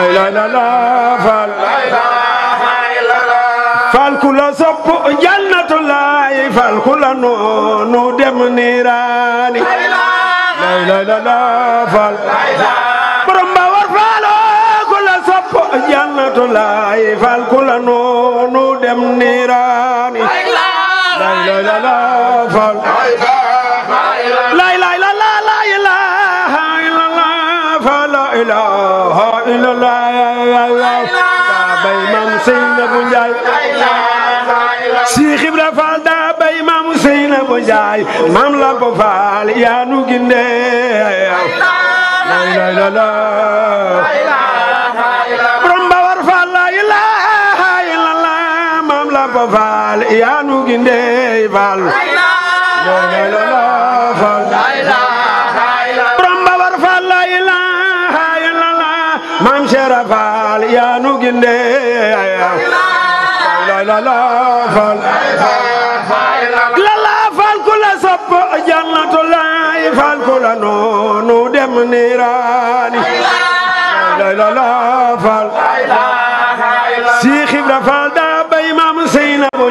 la la ku la sopp jannatu laay fal ku la noonu dem niiraani la ba war falo ku la sopp jannatu laay fal ku la baay maam Lamp Fall yaa nu ginde la la la borom Bawar la ilaha illallah maam Lamp la la la Fall borom Bawar Fall la ilaha illallah maam Cheikh nu ginde la la la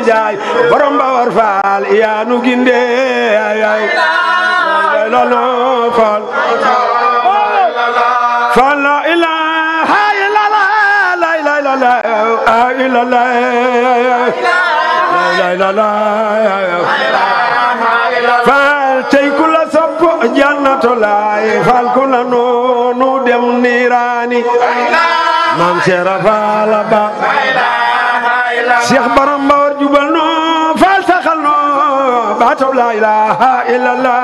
njaay borom ba war faal yaa nu ginde ay lolo faal faal la ilaha illa la la ilaha illa la ilaha la ilaha illa la faal tey ku la sopp jannatu laay faal ku la noonu dem niiraani Mam Serafala Ba Cheikh Baramba baatub laa ilaaha illallah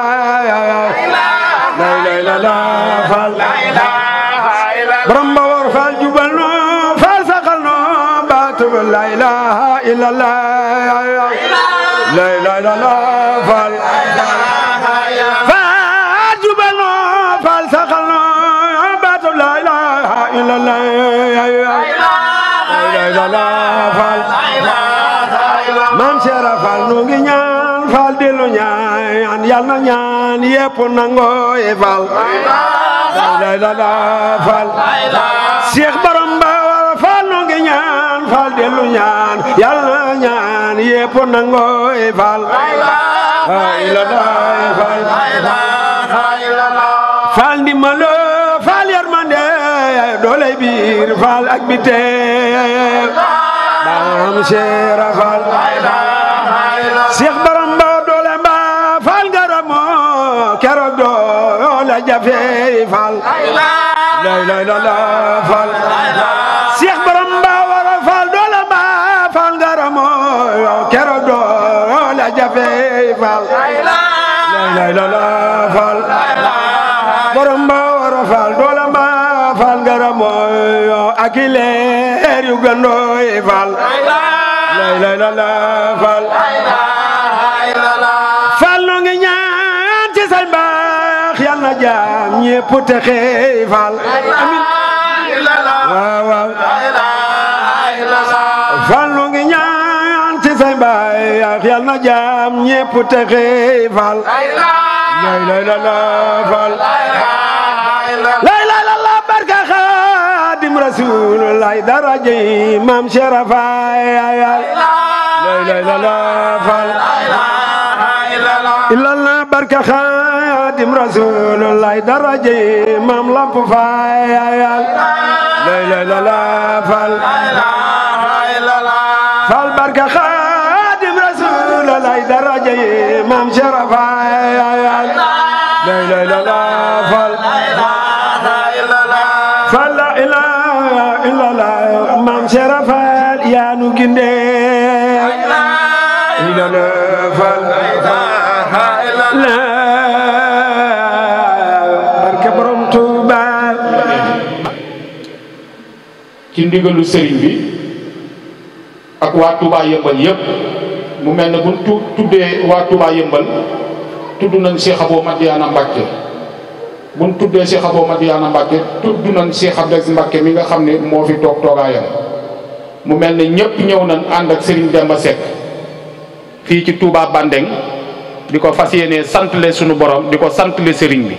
laa ilaaha illallah faal borom ilaaha illallah yal na ñaan yépp nangoo ye fal lay la la fal Seex Borom fal no ngi fal dellu ye fal fal fal fal yërmande doole biir fal ak fal Seex la la fal Cheikh borom fal la fal kero la fal fal fal fal fal jaam ñépp texe fal lay la la fal la barka xaadim rasuul lay daraja yi maam la la fal la barka xaadim rasuul lay daraja yi maam lamp fay lay la la ci ndigalu serigne bi ak wa Touba yembal yeb mu mel ne tuddé wa Touba yembal tuddu nañ Cheikh abou Madiana Mbacke bu tuddé Cheikh abou Madiana Mbacke tuddu nañ Cheikh aziz Mbacke mi nga xamné ne moo fi toog toogaayam mu mel ne nañ and ak Serigne Demba sek fi ci Touba Bandeng diko fasiyene sante le sunu borom diko sante le Serigne bi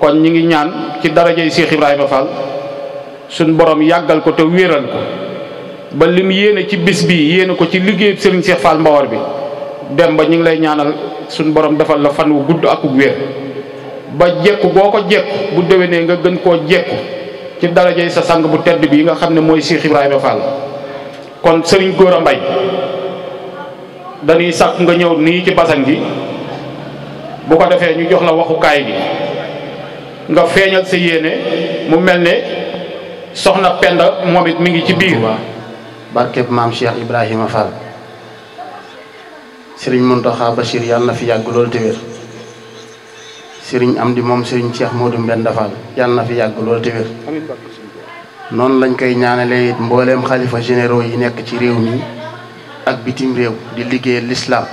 kon ñi ngi ñaan ci daraaje Cheikh Ibrahima Fall sun borom yagal ko te wéeral ko ba lim yene ci bis bi yene ko ci liggey Serigne Cheikh Fall Mbawar bi dem ba ñing lay ñaanal sun borom defal la fan wu gudd ak wér ba jekku boko ko jekku bu déwénee nga gën koo jekku ci darajey sa sang bu tedd bi nga xamne moy Cheikh ibrahim Fall kon Serigne Gora mbay dañuy sàkk nga ñew ni ci basan gi bu ko defé ñu jox la kay gi nga feñal sa yene mu melne ne soxna Penda momit mi ngi ci biir. barke mam Cheikh ibrahim Fall. serigne Mountakha bashir yalla na fi yag lol te wér. sëriñ Amdi mom serigne Cheikh Modou Mbenda Fall yalla na fi yag lol te wér. noonu lañ koy ñaanale it mbollem khalifa généraux yi nek ci rew mi ak bitim rew di liggéey l'islam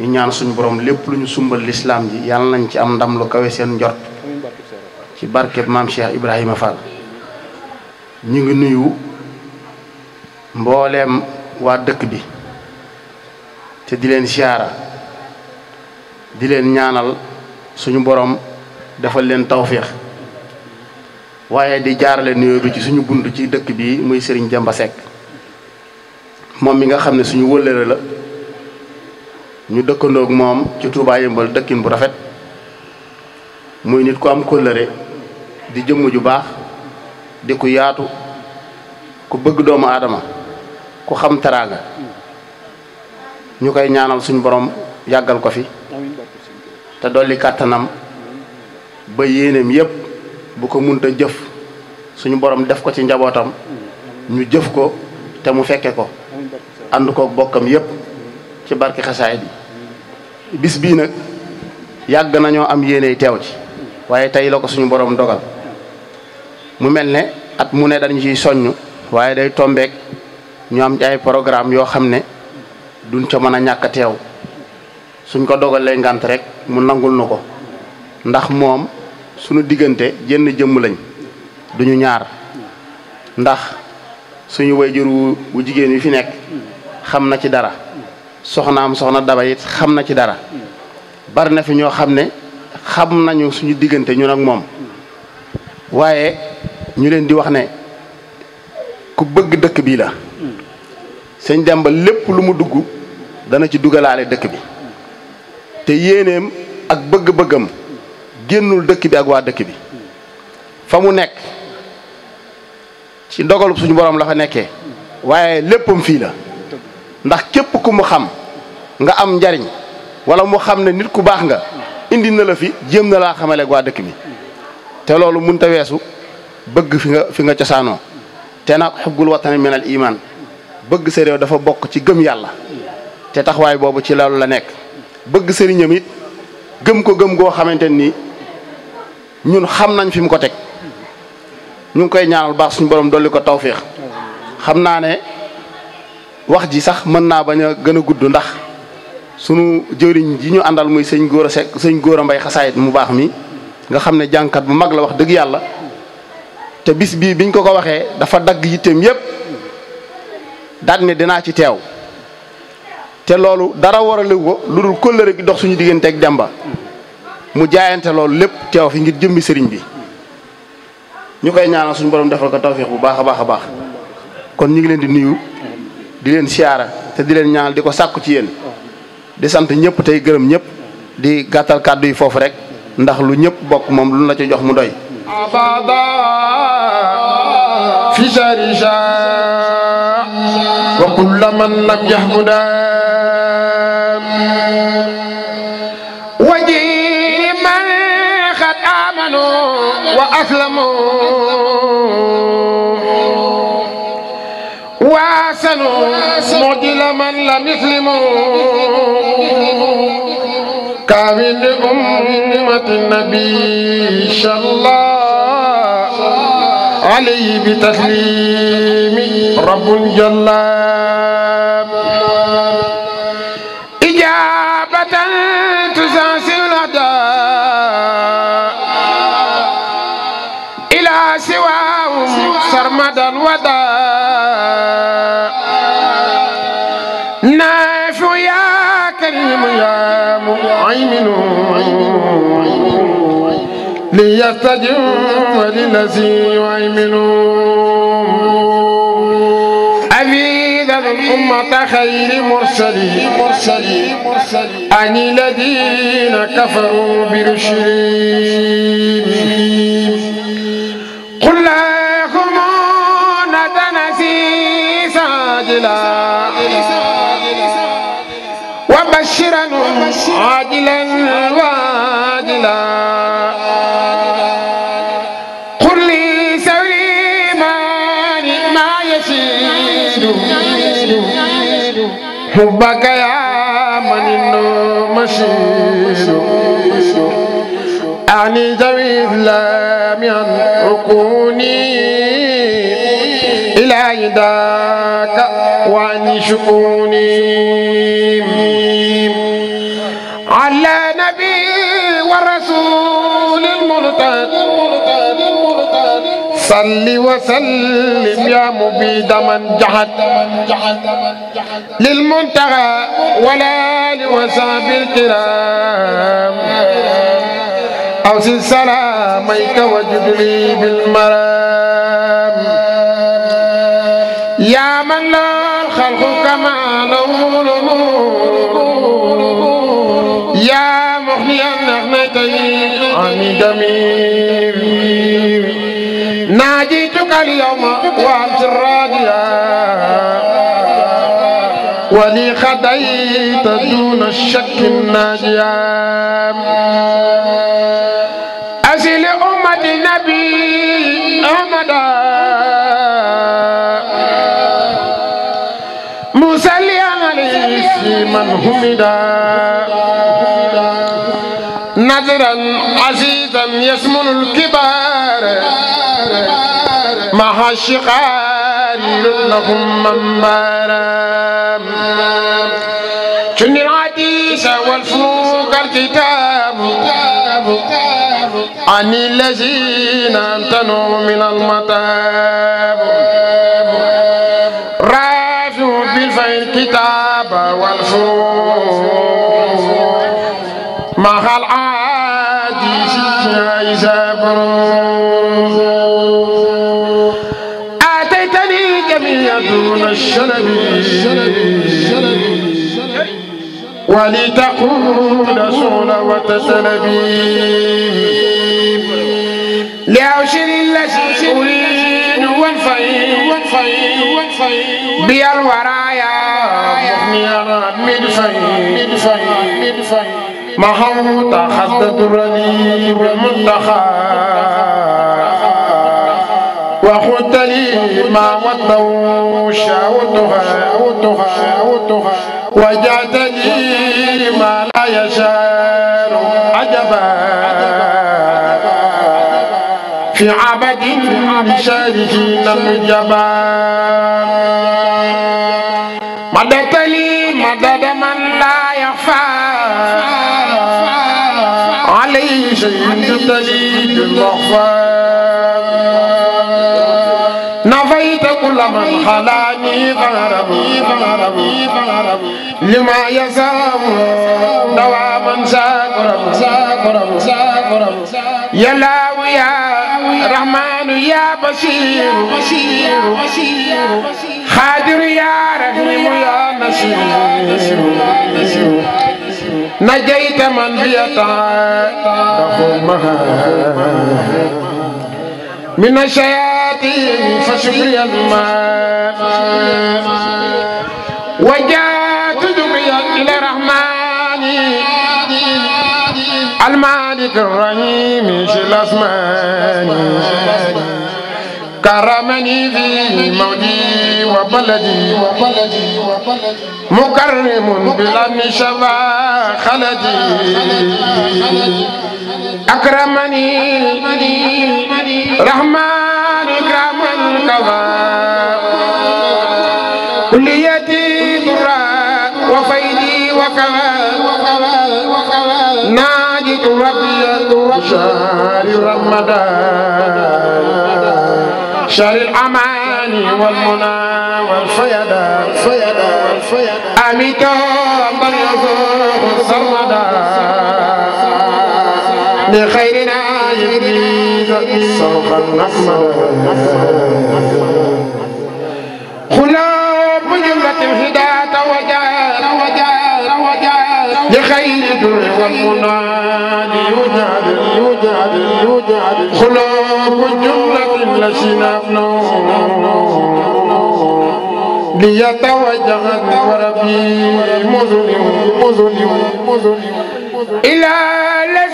ñu ñaan suñu borom lepp luñu sumbal l'islam ji yalla nañ ci am ndam lu kawé sen njort ci barke maam Cheikh ibrahim Fall. ñu ngi nuyu mbooleem waa dëkk bi te di leen siyaara di leen ñaanal suñu boroom defal leen tawféex waaye di jaarale nuyoo bi ci suñu bunt ci dëkk bi muy Serigne Demba Seck moom mi nga xam ne suñu wëllëre la ñu dëkkandoog moom ci Touba Yëmbal dëkkin bu rafet muy nit ku am kóllëre di jëmm ju baax di ku yaatu ku bëgg doomu aadama ku xam teraanga ñu koy ñaanal suñu borom yàggal ko fi te dolli kàttanam ba yéeneem yépp bu ko munta jëf suñu borom def ko ci njabootam ñu jëf ko te mu fekke ko ànd ko bokkam yépp ci barki xasaay bi bis bii nag yàgg nañoo am yéeney teew ci waaye tey la ko suñu borom dogal mu mel ne at mu ne dañ ciy soññ waaye day tombeek ñu am ay programme yoo xam ne duñ ca mën a ñàkk teew suñ ko dogalee ngant rek mu nangul nu ko ndax moom suñu diggante jenn jëmm lañ duñu ñaar ndax suñu wayjur wu jigéen wi fi nekk xam na ci dara soxnaam soxna daba it xam na ci dara bari na fi ñoo xam ne xam nañu suñu diggante ñun ak moom waaye ñu leen di wax ne ku bëgg dëkk bii la sëñ Demba lépp lu mu dugg dana ci dugalaale dëkk bi te yéeneem ak bëgg-bëggam génnul dëkk bi ak waa dëkk bi fa mu nekk ci dogalub suñu borom la fa nekkee waaye léppam fii la ndax képp ku mu xam nga am njariñ wala mu xam ne nit ku baax nga indi na la fi jéem na laa xamale ak waa dëkk bi te lolou munta wessu bëgg fi nga fi nga cosaanoo te nak xubbul watani al iman bëgg seri réew dafa bok ci gëm yalla te taxway bobu ci lolou la nek bëgg sëriñam it gëm ko gëm go xamanteni ni ñun xam nañ fi mu ko tek ñu koy ñaanal baax suñu borom doli ko tawfiq xam naa ne wax ji sax mën na baña gëna gudd ndax sunu jëriñ ji ñu andal muy sëñ góor mbay xasaayit mu baax mi nga xamne jankat bu mag la wax deug yalla te bis bi biñ ko ko waxe dafa dag yitem yeb dal ne dina ci tew te loolu dara warale ko lulul dul gi dox suñu digeenté ak Demba mu jaayante loolu lepp tew fi ngir jëmmi sëriñ bi ñukay ñaanal suñu borom defal ko tawfiq bu baaxa baaxa baax kon ñi ngi leen di nuyu di leen te di leen ñaanal di sakku ci yeen di sante ñepp tay gëreem ñepp di gatal kaddu yi fofu rek. ndax lu ñëpp bokk moom lu la ci jox mu doy abada fi sarisha wa kulla man lam yahmuda waji man qad amanu wa aslamu wa sanu mudila man lam yuslimu كامل أمة النبي شاء الله عليه بتسليم رب جل ليستجيبوا للذي يؤمنون أبيدا الأمة خير مرسلين مرسلين مرسلين عن الذين كفروا برشيد قل لهم نتنسي ساجلا وبشرا عاجلا حبك يا من مشير أعني ذوي إسلام عن عقوني إلى يداك وعن شؤوني صلي وسلم يا مبيد من جحد للمنتهى ولا لوساب الكرام أوصي سلاميك وجد لي بالمرام يا من لا الخلق كما له الأمور وأنت الراضية ولي خديت دون الشك الناجية أزل أمة النبي أحمد من همدا نذرا عزيزا يسمن الكبار مع الشغال لهم مرام جن العديس والفوق الكتاب عن الذين امتنوا من المطاب رافعوا بالفعل الكتاب والفوق مع العادي سيزابرون الشلبي ولتكون صولة سلبي لأوشر الذي أريد وانفي بي الورايا مخنيا مدفي محوط خزد الرليم منتخب وخذت لي ما وطوا شاوتها أوتها أوتها وجعت لي ما لا يشار عجبا في عبد بشاره لم جبا مددت لي مدد من لا يخفى عليه شيء تليد المخفى خلاني فغربي فغربي فغربي لما يسام دواما ساكرم ساكرم ساكرم يا لاو يا رحمن يا بشير بشير بشير خادر يا رحيم يا نسير نجيت من بيطاع دخل مها من الشياطين فشكريا ما وجات دميا إلى الرحمن المالك الرحيم شل الاسماء كرمني في مودي وبلدي مكرم بلا شفا خلدي أكرمني رحمان إكراما كفى كليتي ترى وفيدي وكوى ناجت ربي شهر رمضان شهر الأمان والمنى والفيدا فيدا فيدا أميتو من يزور سرمدا لخيرنا سوف نحمدها خلاب جملة الهداة وجار وجار وجار لخير الدر والمنى يجادل يجادل يجادل خلاب جملة لشنافنا ليتوجه النور في مزن مزن مزن إلى لسان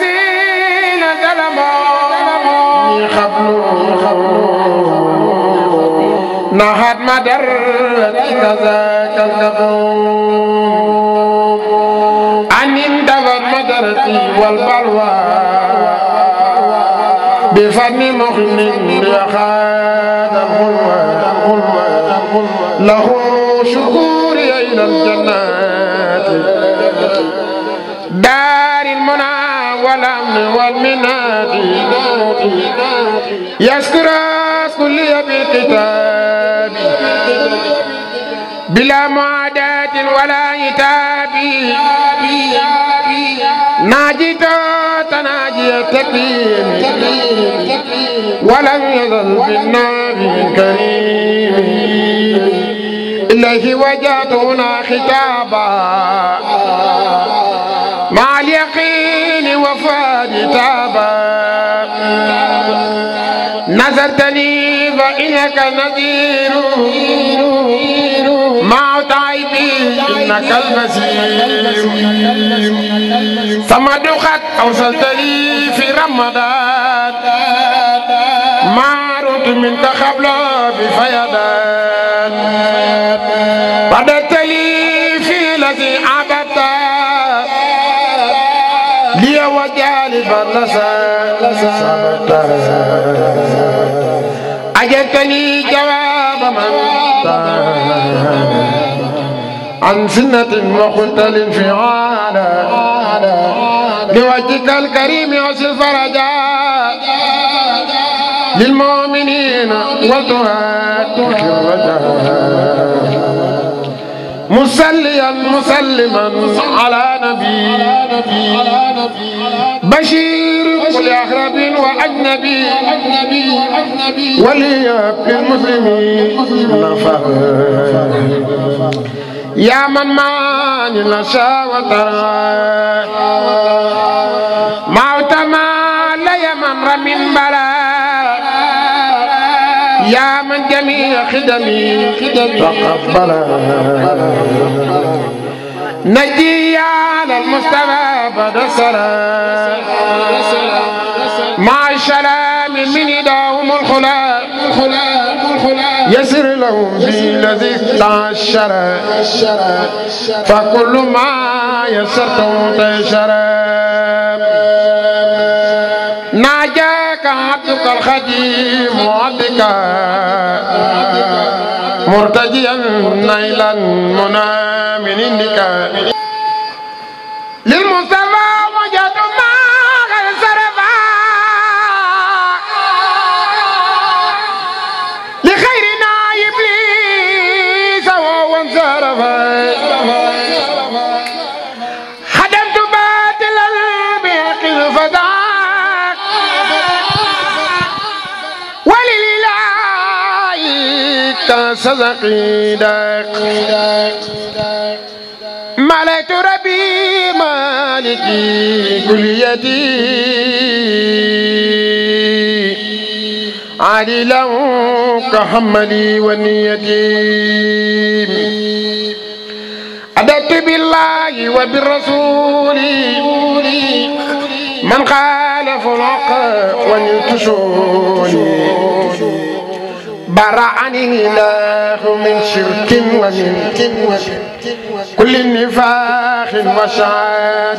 نهت مدر كذاك النقوم أن اندفت مدرتي والبلوى بفن مؤمن وخاد الغلوى له شكوري إلى الجنات دار المنى والأمن والمنات يشكر كلي كتاب بلا معاداة ولا عتاب ناجيت تناجي التكريم ولم يزل بالنار الكريم إليه وجهت خطابا إليك نذير مع تعبي إنك البزيم فما دخت أوصلت لي في رمضان ما رد منك قبل بفيضان بدأت لي في الذي عبدت لي وجالب النسى أجتني جواب من عن سنة في على بوجهك الكريم أصف رجاء للمؤمنين وتهاتك الرجاء مسليا مسلما على نبي بشير كل اخرب وأجنبي يا من ماني نشا وترى موت لا يا من رمين بلا يا من جميع خدمي تقبل نجي يا للمستوى بدر سلام مع السلام من دار هم الخلاء يسر لهم في الذي تعشر فكل ما يسرته تيسر ناجاك عبدك الخديم وعبدك مرتجيا نيلا منا من عندك للمصطفى عيدك ملأت ربي مالكي كل يدي عدلا كحملي ونيتي أدبت بالله وبالرسول من خالف الحق ونلتشوني برعني الله من شرك ومن كل نفاخ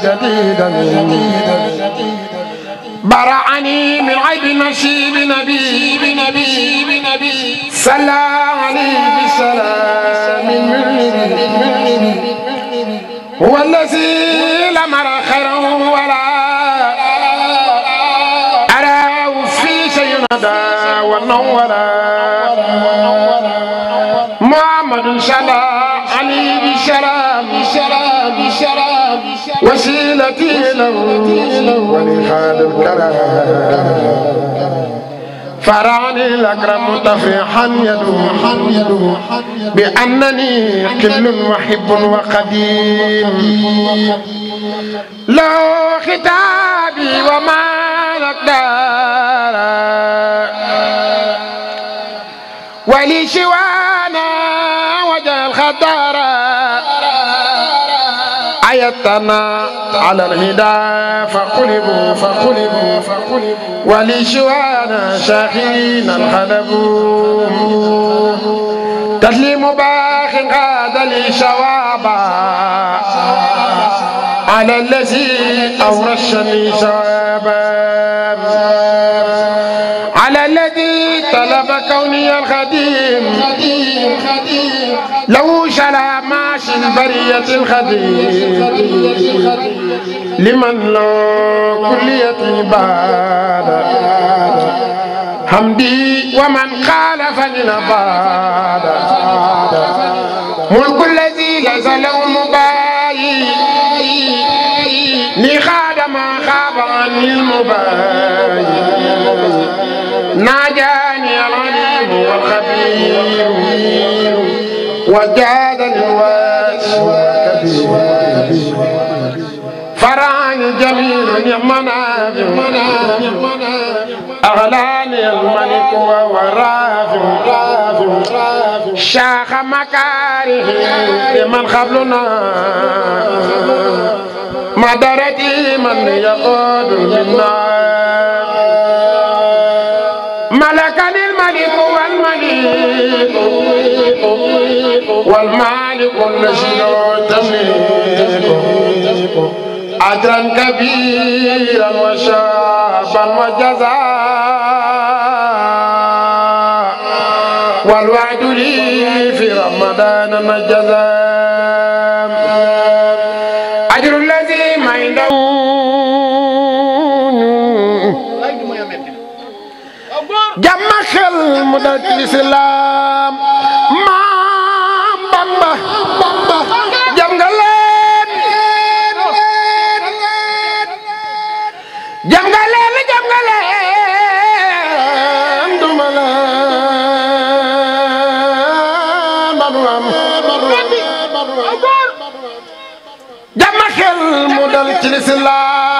جديدا برعني من عيب نشيب نبي بنبي عليه بسلام من هو الذي لم أرى خيره ولا أراه في شيء ندى ونورا محمد صلى عليه بسلام بسلام بسلام وسيلتي له ولحال الكرام فرعني الأكرم طفيحا يدو بأنني كل محب وقديم لو ختابي وما نقدر ولي شوانا وجل الخطارة عيطنا على الهدى فقلبوا فقلبوا فقلبوا ولي شوانا شاخين الخلب تسليم باخ غاد لي شوابا على الذي أورشني شوابا على الذي طلب كوني الخديم لو شلا ماشي البرية الخديم لمن لو كلية بعد حمدي ومن خالفني نباد ملك الذي ليس المباي مباي لخاد ما خاب عن المباي وجعل الواس فراني جميل يمنا أغلاني الملك وورافع شاخ مكاره لمن قبلنا مدرتي من يقود منا ملك والمالك الذي تملك أجرا كبيرا وشابا وجزا والوعد لي في رمضان مجزا أجر الذي ما عنده جمع خل مدرس jiital ci lislaam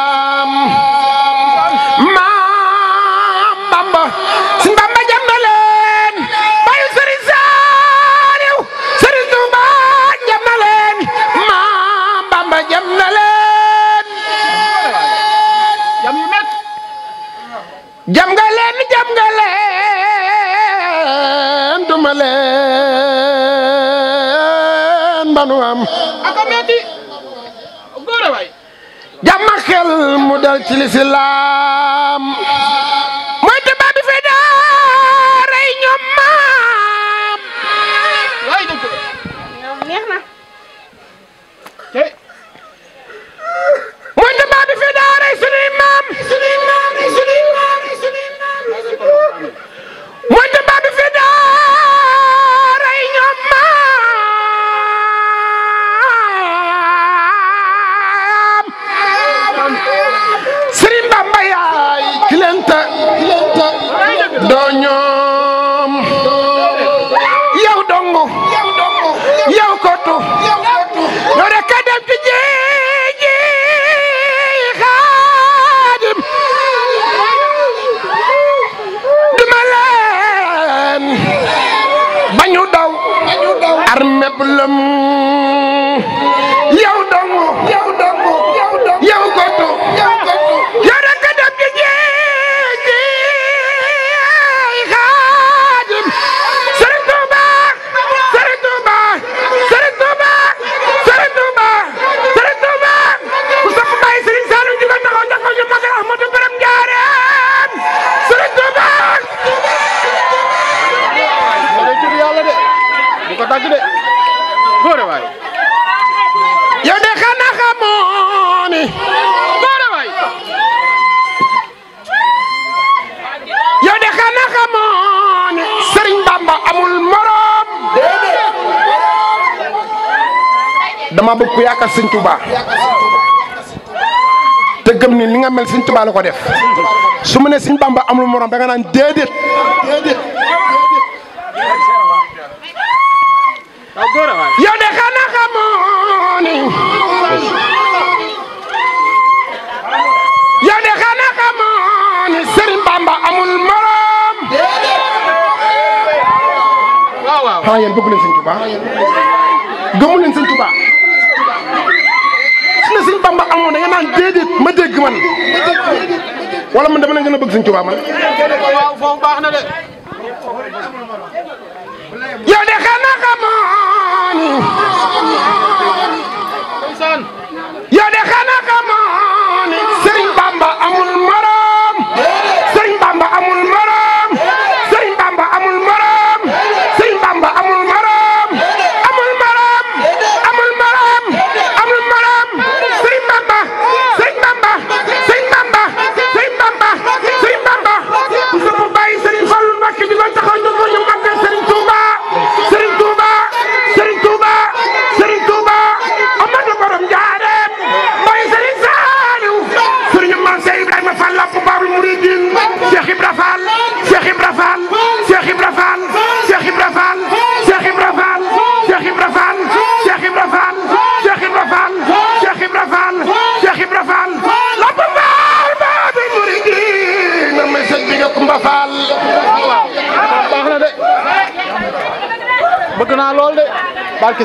till lá. ko def Sëñ Tuubaa man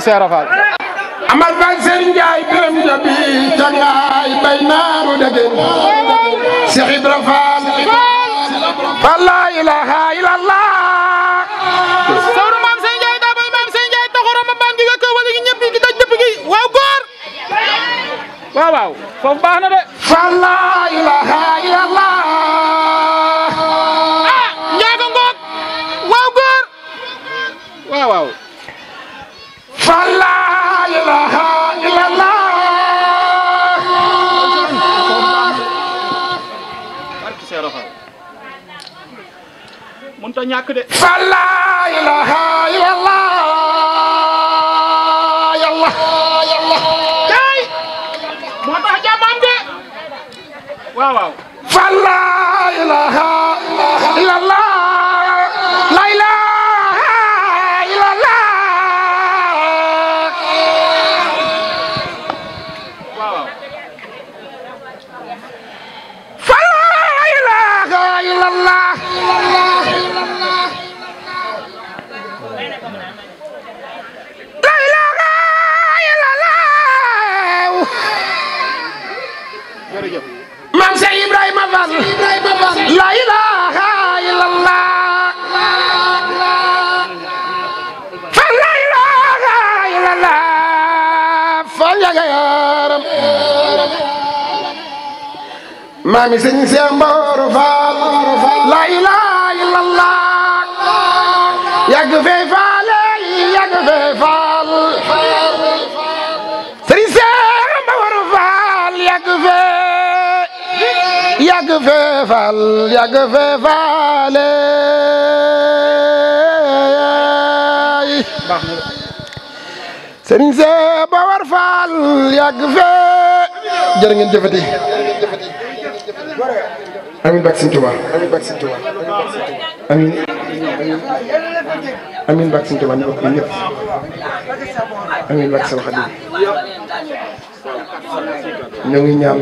Seera Faal amal bag Serigne Ndiaye biram jabi jangaay bay naaru degen Cheikh Ibra Faal la ilaha illallah sawru maam Serigne Ndiaye da bay maam Serigne Ndiaye taxoro ma ban gi wekk wala gi ñëpp gi daj dëpp gi waaw góor waaw waaw foofu baax na de ñàkk de fala ilaha illallah yalla yalla kay moo tax jàmm am de waaw waaw fala ilaha maami sëñ Seex Mboro Faal la ilaha illallah yàgg fee faale yàgg fee faal sëriñ Seex Mboro Faal yàgg fee yàgg fee faal yàgg fee faale sëriñ Seex Mboro Faal yàgg fee jërë ngeen jëfati amiin bak Sëñ Tuubaa amiin bak Sëñ Tuubaa amiin amiin bak Sëñ Tuubaa ñu bokk ñëpp amiin bak Sëñ Xaadim ñu ngi ñaan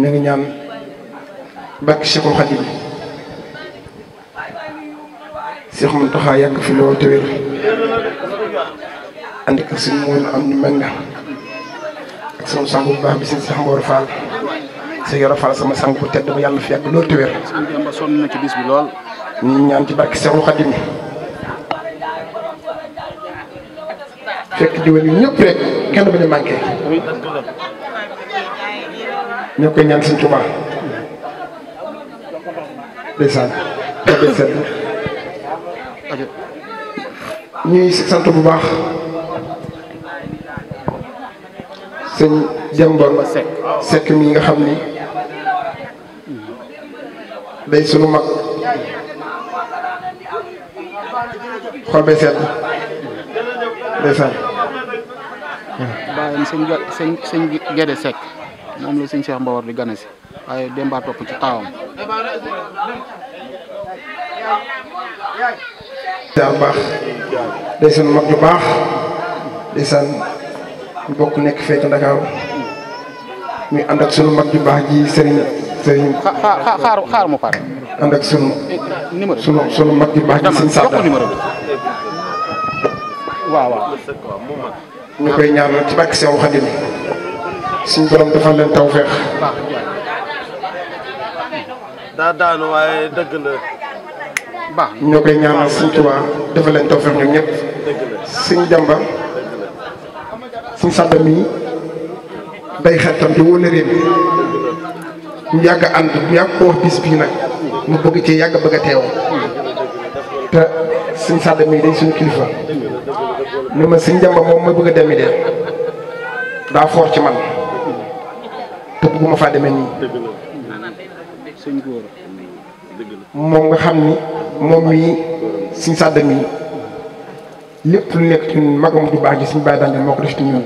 ñu ngi ñaan bak Seexul Xaadim Seex Muntaxa yàgg fi lool te wér ànd ak suñu am ñu mel na ak suñu sang bu baax bi seen Seex Mboor Fall sëñ Yoro Fall sama sang bu tedd ba yàlla fi yàgg loolu te wér. ci bis bi lool. ñu ñaan ci barke Seexul Xadim fekk jiwén yi bu ñu ñuy sant bu baax sëñ Demba Seck Seck mi nga xam ni day sunu mag xol bay sedd ndeysaan bàyyam sëñ sëñ sëñ Gédé Seck moom la sëñ Cheikh Mbawar di gane si waaye Demba topp ci taawam daa baax day sunu mag lu baax ndeysaan ñu bokk nekk fekk Ndakaaru muy ànd ak sunu mag ju baax ji sëriñ sëriñ xaar xaar mu pare. ànd ak sunu. numéro sunu sunu mag yu baax ci sëñ Samba numéro bi. waaw waaw. ñu koy ñaanal ci bàkk Seexu Xadim suñ borom defal leen tawféex. daa daanu waaye dëgg la. baax ñoo ñu yàgg a ànd bu yàgg ko bis bii nag mu bëgg ci yàgg bëgg a teew te suñ sàdd mii day suñu kilifa ni ma suñ jàmba moom ma bëgg a demee dee daa foor ci man te bëgguma faa demee nii moom nga xam ni moom mii suñ sàdd mii lépp lu nekk ci ñun baax ji suñ bàyyi daan moo ko def ci ñun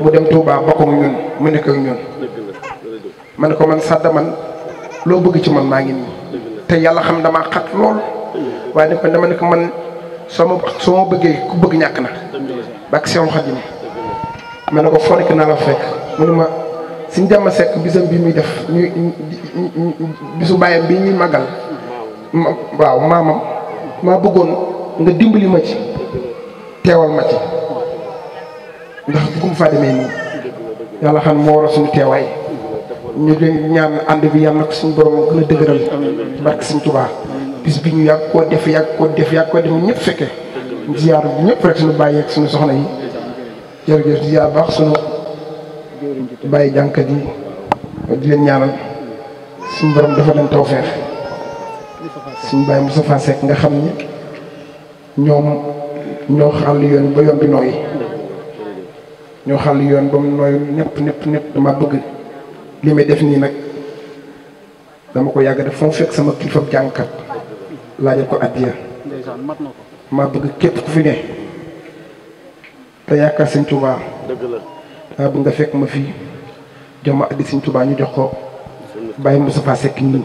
mu dem Touba bokk ak mu nekk ak ñun ma ne ko man sàdda man loo bëgg ci man maa ngi nii te yàlla xam dama xat lool waaye nag man dama ne ko man soo ma soo ma bëggee ku bëgg ñàkk na bak Seexul Xadiim ma ne ko foo nekk naa la fekk mu ne ma suñ jàmm sekk bisam bi muy def ñu bisu bàyyam bi ñuy màggal ma waaw maamam maa bëggoon nga dimbali ma ci teewal ma ci ndax bëggum faa demee nii yàlla xam moo war a suñu teewaay ñu ñaan ànd bi yàlla na ko suñu bi ñu yàgg koo def yàgg koo def ñëpp fekke ziar bi suñu bàyyi ak suñu soxna baax suñu bàyyi jànkat yi di leen ñaanal suñu borom dafa leen tawfeex suñu nga xam ni ñoom ñoo xàll yoon ba yoon bi ñoo xàll yoon ba mu nooyu népp népp népp dama bëgg li may def nii nag dama ko yàgg def fa mu fekk sama kilifa jàngkat laajal ko addiya maa bëgg képp ku fi ne te yaakaar sëñ Tuubaa maa bëgg nga fekk ma fii jox ma addi sëñ Tuubaa ñu jox ko bàyyi Moustapha Seck nii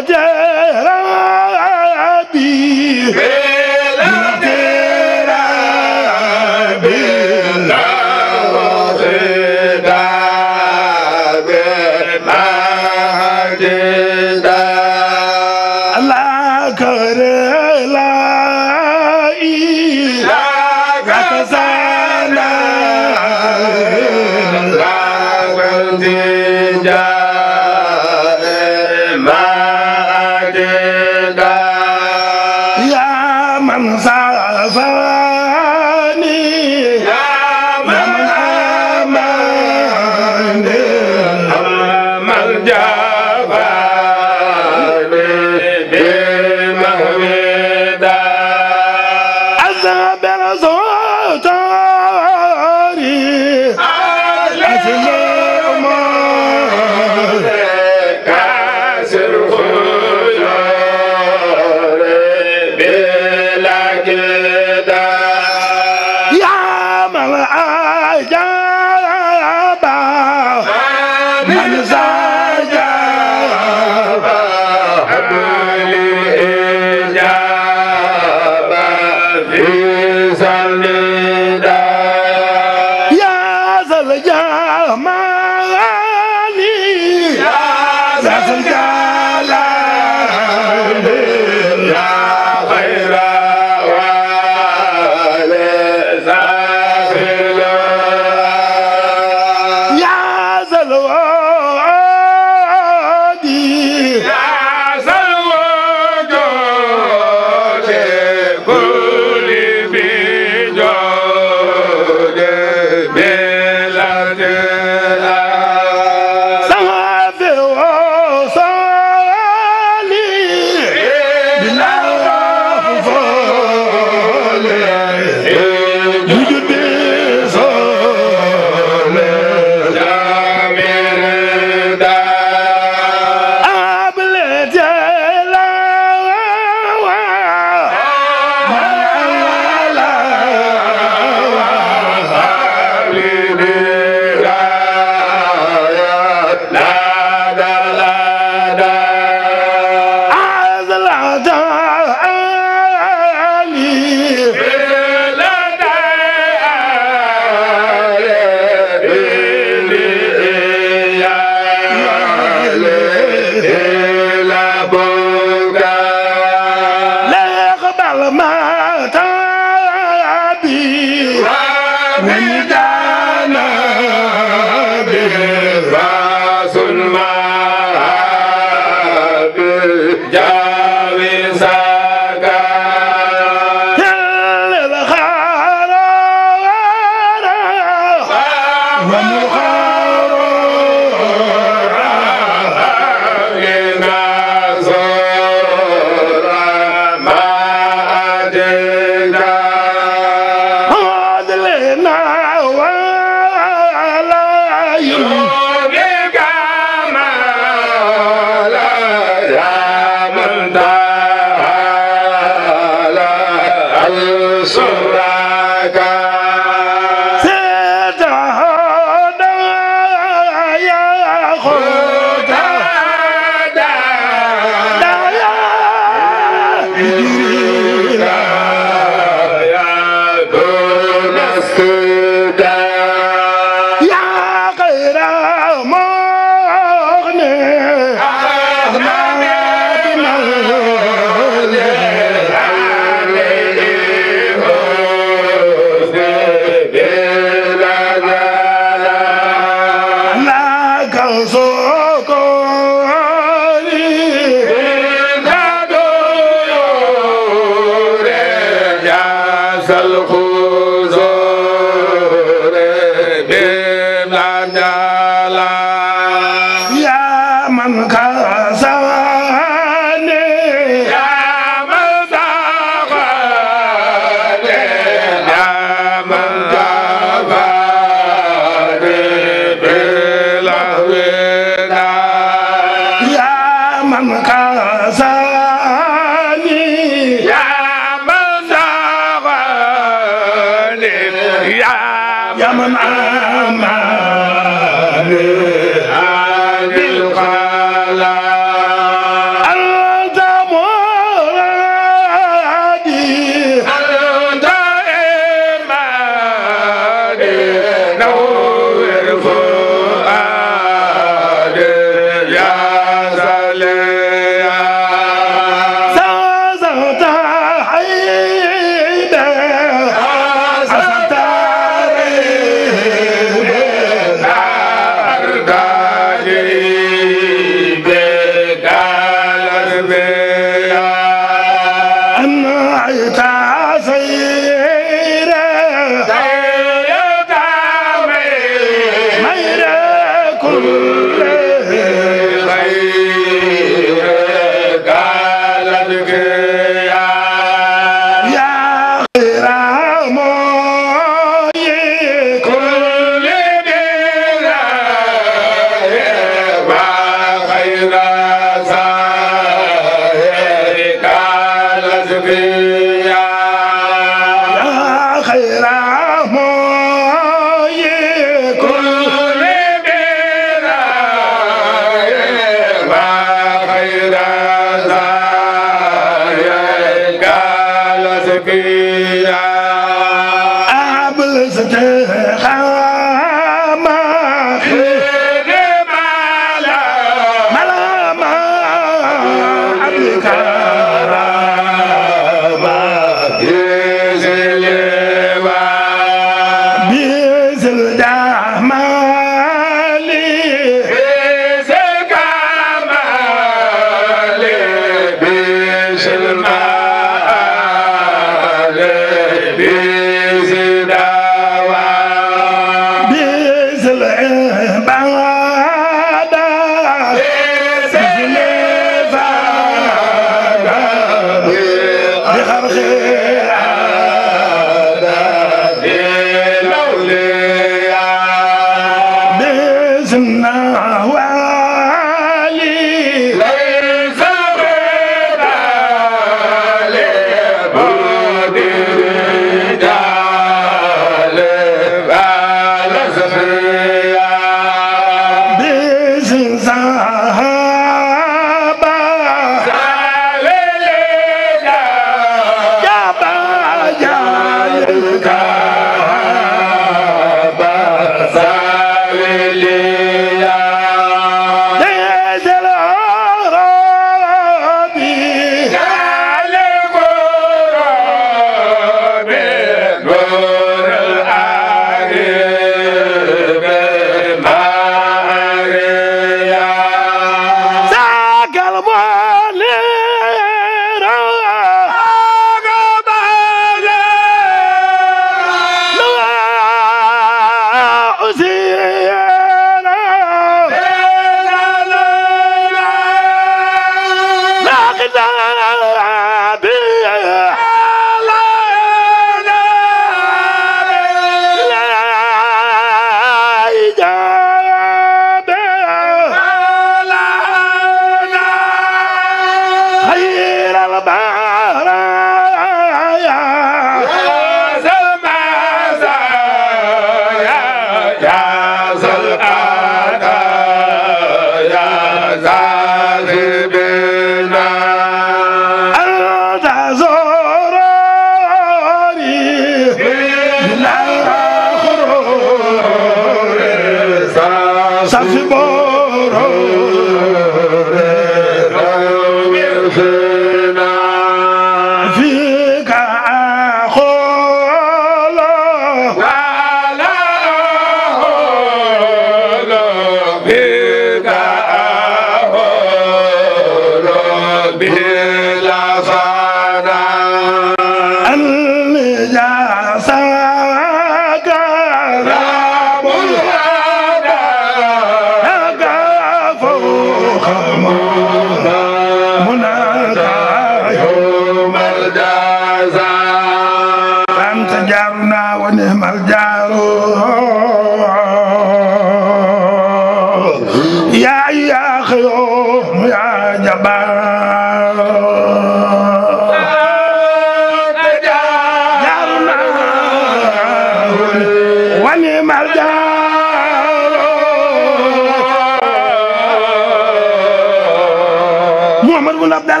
up that